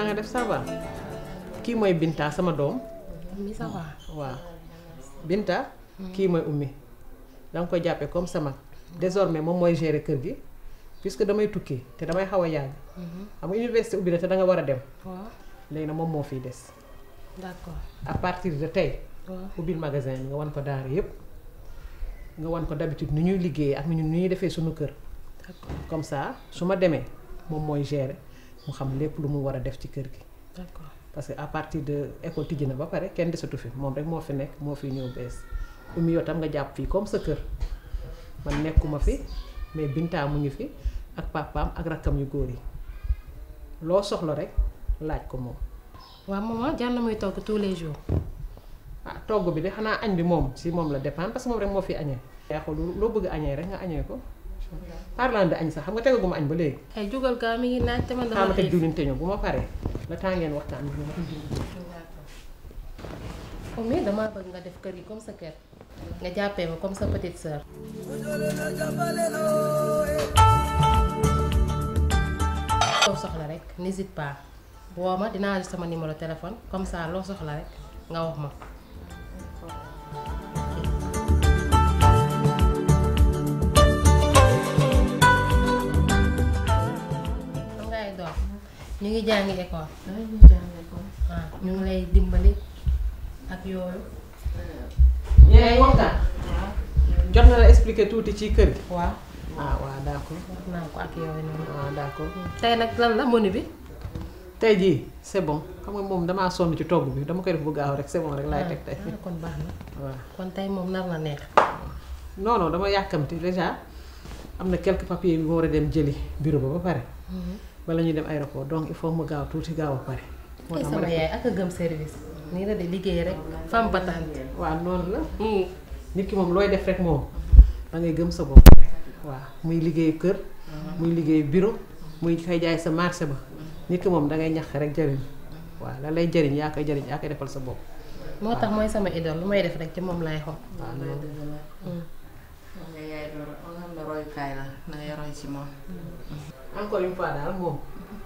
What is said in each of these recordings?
na nga def ça va kii mooy Binta sama dom mi ça va waaw. Binta. ki moy ummi dang nga koy jàppee comme sama désormais mom moy gérer keur gi puisque damay tukki té damay xawa a mhm. am nga université ubbi té da nga wara dem. wa légui na mom mo fi dess d'accord à partir de tay ubbil magasin nga wan ko daara yépp nga wan ko d'habitude ni ñuy liggéeyee ak ni ñuy défé suñu kër. comme ça suma démé mom moy gérer. mu xam lépp lu mu war a def ci kër gi parce que à partir de école tijji na ba pare kenn desatu fi moom rek moo fi nekk moo fi ñëw bees umi yow tam nga jàpp fii comme sa kër man nekkuma fi mais bintaa mu ngi fi ak papaam ak rakkam yu góor yi loo soxla rek laaj ko moom waaw maman ah, jàll muy togg tous les jours ah togg bi de xanaa añ bi moom si moom la dépendre parce que moom rek moo fi añee yaa ko loo bëgg añee rek nga añee ko parlant de añ sax xam nga tegaguma añ ba léegi. ay jugal gaa mi ngi naaj te man dama teg diwlin te ñëw bu ma paree waxtaan bi ma. Oh, mais damaa nga def kër yi comme sa kër nga jàppee ma comme sa petite sœur. loo soxla rek n'hésite pas woo ma dinaa sama numéro téléphone comme ça loo soxla rek nga wax ma. ñu ngi jàngi école. Ah, ñu ngi lay dimbali ak yooyu. ñu ngi waxtaan. jot na la expliquer tuuti ci kër gi. waaw ah waaw d'accord. Ah, nag lan la mone bi. tey jii c'est bon xam nga moom damaa sonn ci togg bi dama koy def bu gaaw rek sebon rek laay teg tey. Ah, kon baax moom nar la neex. non non dama yàkkamti déjà am na quelques papiers yu ma war a dem jëli bureau ba ba pare. Mhm. wala ñu dem aéroport donc il faut ma gaaw tuuti gaaw a pare. moo tax sama yaay ak la de liggéey rek femme la. Mm. nit ki moom looy def rek moom da ngay gëm sa bopp waaw muy liggéeyu kër. muy liggéeyu bureau. muy fay jaay sa marché ba. nit ki moom da ngay ñax rek jëriñ. waaw la lay jëriñ yaa koy jëriñ yaa koy moo tax mooy sama idole may def rek ci moom laay xool. royukaay la na ngay roy ci moom. Mm-hmm. encore une fois daal moom.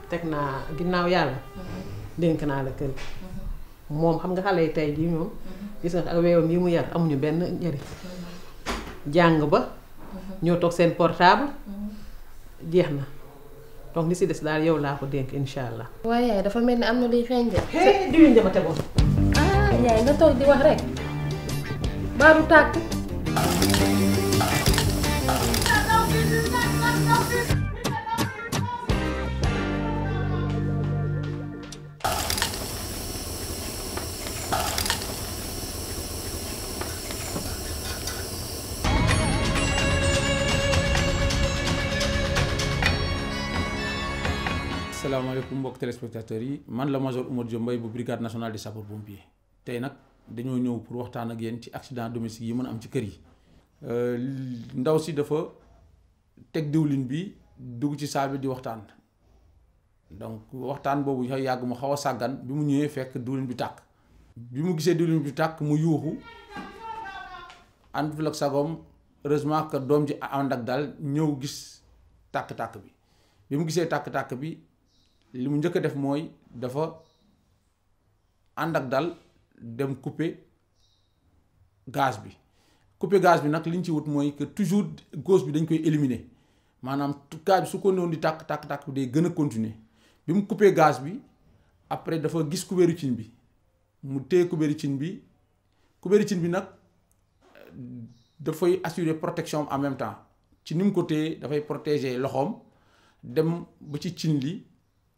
teg naa ginnaaw yàlla. Mm-hmm. dénk naa la kër mm-hmm. moom xam nga xale yi tey jii moom. gis nga ak weewam yi mu yar amuñu benn njëriñ. jàng ba. ñoo toog seen portable. jeex na donc li si des daal yow laa ko dénk incha allah. waaye dafa mel ni am na luy feeñ de. hey diwlin tegoon. ah yaay nga toog di wax rek. baaru tàkk. asalaamaaleykum mbokk téléspectateurs yi man la major Oumar Diop Mbaye bu brigade nationale des sapeurs pompiers tey nak dañoo ñëw pour waxtaan ak yeen ci accident domestique yi mën am ci kër yi. Euh, ndaw si dafa teg diwlin bi dugg ci saa bi di waxtaan donc waxtaan boobu yàgg mu xaw a sàggan bi mu ñëwee fekk diwlin bi tàkk. bi mu gisee diwlin bi tàkk mu yuuxu ànd fi ak sagoom heureusement que doom ji ànd ak daal ñëw gis tàkk-tàkk bi bi mu gisee tàkk-tàkk bi. li mu njëkk a def mooy dafa ànd ak dal dem couper gaz bi couper gaz bi nag li ñu ci wut mooy que toujours gauche bi dañ koy éliminer maanaam gaz bi su ko noonu di tàkk tàkk tàkk bi day gën a continuer bi mu couper gaz bi après dafa gis kubéeru cin bi mu téye kubéeru cin bi kubéeru cin bi nag dafay assurer protection en même temps ci ni mu ko téye dafay protéger loxoom dem ba ci cin li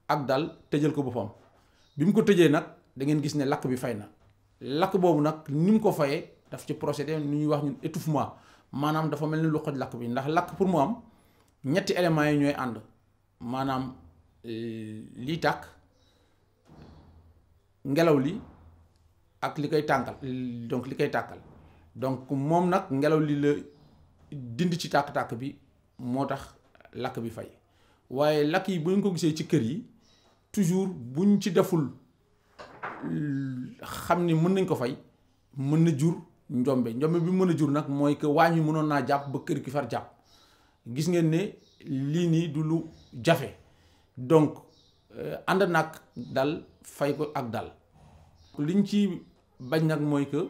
ak dal tëjal ko bopam bi ko tëjee nak da ngeen gis ne lakk bi fay na lakk boobu nag ni ko fayé daf ci procédé nu ñuy wax ñun étouffement manam dafa melni lu xoj lakk bi ndax lakk pour mu am ñetti élément yi ñoy and manam euh, li tak ngelaw li ak likay tankal donc likay takal donc mom nak ngelaw li le dindi ci tak tak bi motax lak bi fay waye lak yi buñ ko gisee ci kër yi toujours buñ ci deful xam ni mën nañ ko fay mën na jur njombe njombe bi mën a jur nag mooy que waañ wi mënoon naa jàpp ba kër gi jàpp gis ngeen ne lii nii du lu jafe donc euh, ànd nag dal fay ko ak dal liñ ci bañ nag mooy que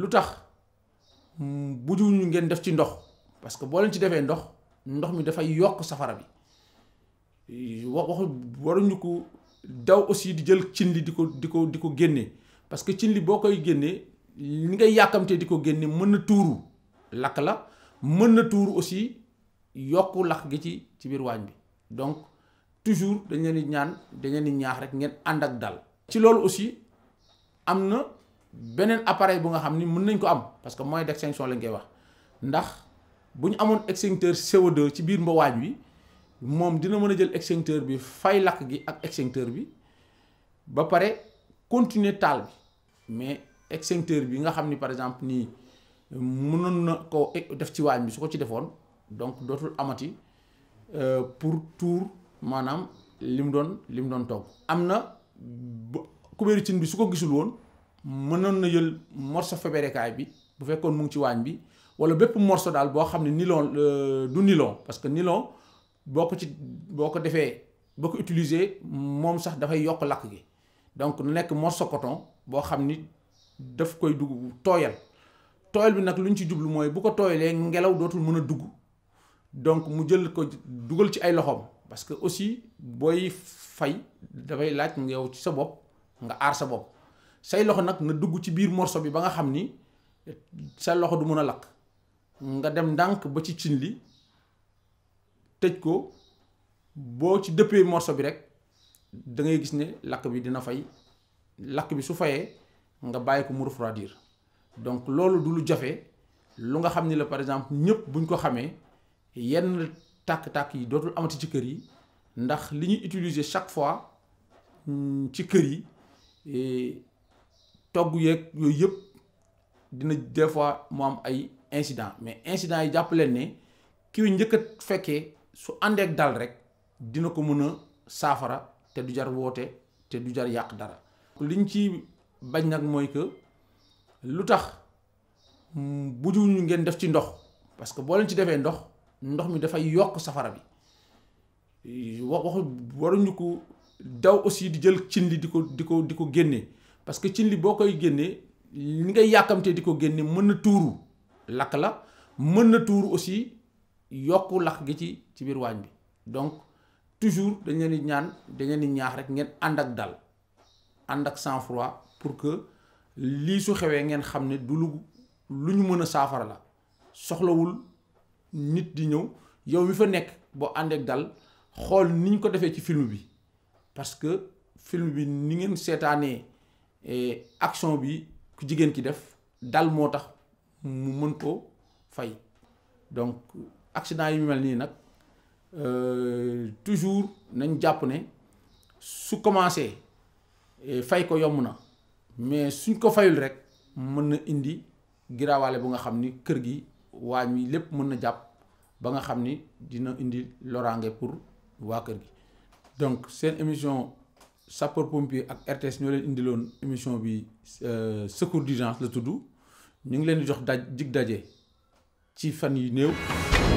lu tax bu ñu ngeen def ci ndox parce que boo leen ci defee ndox ndox mi dafay yokk safara bi waxu waruñu ko daw aussi di jël cin li di ko di ko di ko génne parce que cin li boo koy génnee li ngay yàkkamtee di ko génne mën na tuuru lakk la mën na tuuru aussi yokk lakk gi ci ci biir waañ bi donc toujours dañ leen di ñaan dañ leen di ñaax rek ngeen ànd ak dal ci loolu aussi am na beneen appareil bu nga xam ni mën nañ ko am parce que moyen d'extinction lañ koy wax ndax bu amoon extincteur co ci biir mbawaañ wi moom dina mën a jël extincteur bi fay lakk gi ak extincteur bi ba pare continuer taal bi mais extincteur bi nga xam ni par exemple nii mënoon na ko def ci waañ bi su ko ci defoon donc dootul amati euh, pour tour maanaam li mu doon li mu doon togg am na kubéeri cin bi su ko gisul woon mënoon na jël morso feberekaay bi bu fekkoon mu ngi ci waañ bi wala bépp morso daal boo xam ne nilon euh, du nilon parce que nilon boko ci boko ko boko utiliser mom sax dafay yokk lakk gi donc nek morceau coton bo xamni daf koy dugg tooyal tooyal bi nak luñ ci djublu moy bu ko tooyalee ngelaw dotul mën a donc mu jël ko dugal ci ay loxom parce que aussi boy fay da dafay laaj yow ci sa bop nga ar sa bop say loxo nak na dugg ci bir morceau bi ba nga xamni ni sa loxo du mën lak nga dem dank ba ci cin tëj ko bo ci dëppee morceau bi rek da ngay gis ne lakk bi dina fay lakk bi su fayé nga bàyyi ko mu refroidir donc lolu du lu jafé lu nga xamni la par exemple ñepp buñ ko xamé yenn tak tak yi dotul amati ci kër yi ndax li ñuy utiliser chaque fois mm, ci kër yi e, togg yeeg yooyu yëpp dina des fois mu am ay incident mais incident yi jàpp leen ne ki njëkk a fekkee su àndeek dal rek dina ko mën a saafara te du jar woote te du jar yàq dara liñ ci bañ nag mooy que lu tax bu ñu ngeen def ci ndox parce que boo leen ci defee ndox ndox mi dafay yokk safara bi wax waxu waruñu ko daw aussi di jël cin li di ko di ko di ko génne parce que cin li boo koy génnee li ngay yàkkamtee di ko génne mën na tuuru lakk la mën na tuuru aussi yokku lax gi ci ci bir wañ bi donc toujours dañ leen di ñaan dañ leen di ñaax rek ngeen ànd ak dal ànd ak sang froid pour que lii su xewee ngeen xam ne du lu lu ñu mën a saafara la soxlawul nit di ñëw yow mi fa nekk bo ànd ak dal xool ni ñu ko defee ci film bi parce que film bi ni ngeen seetaanee eh, action bi ku jigéen ki def dal moo tax mu mën ko fay donc accident yi mel euh, toujours nañ jàpp ne commencé eh, fay ko mais suñ ko fayul rek mën indi bu nga kër gi lépp indi pour donc émission sapeur pompier ak RTS leen émission euh, secours d'urgence le tout ñu ngi leen di jox daj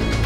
thank you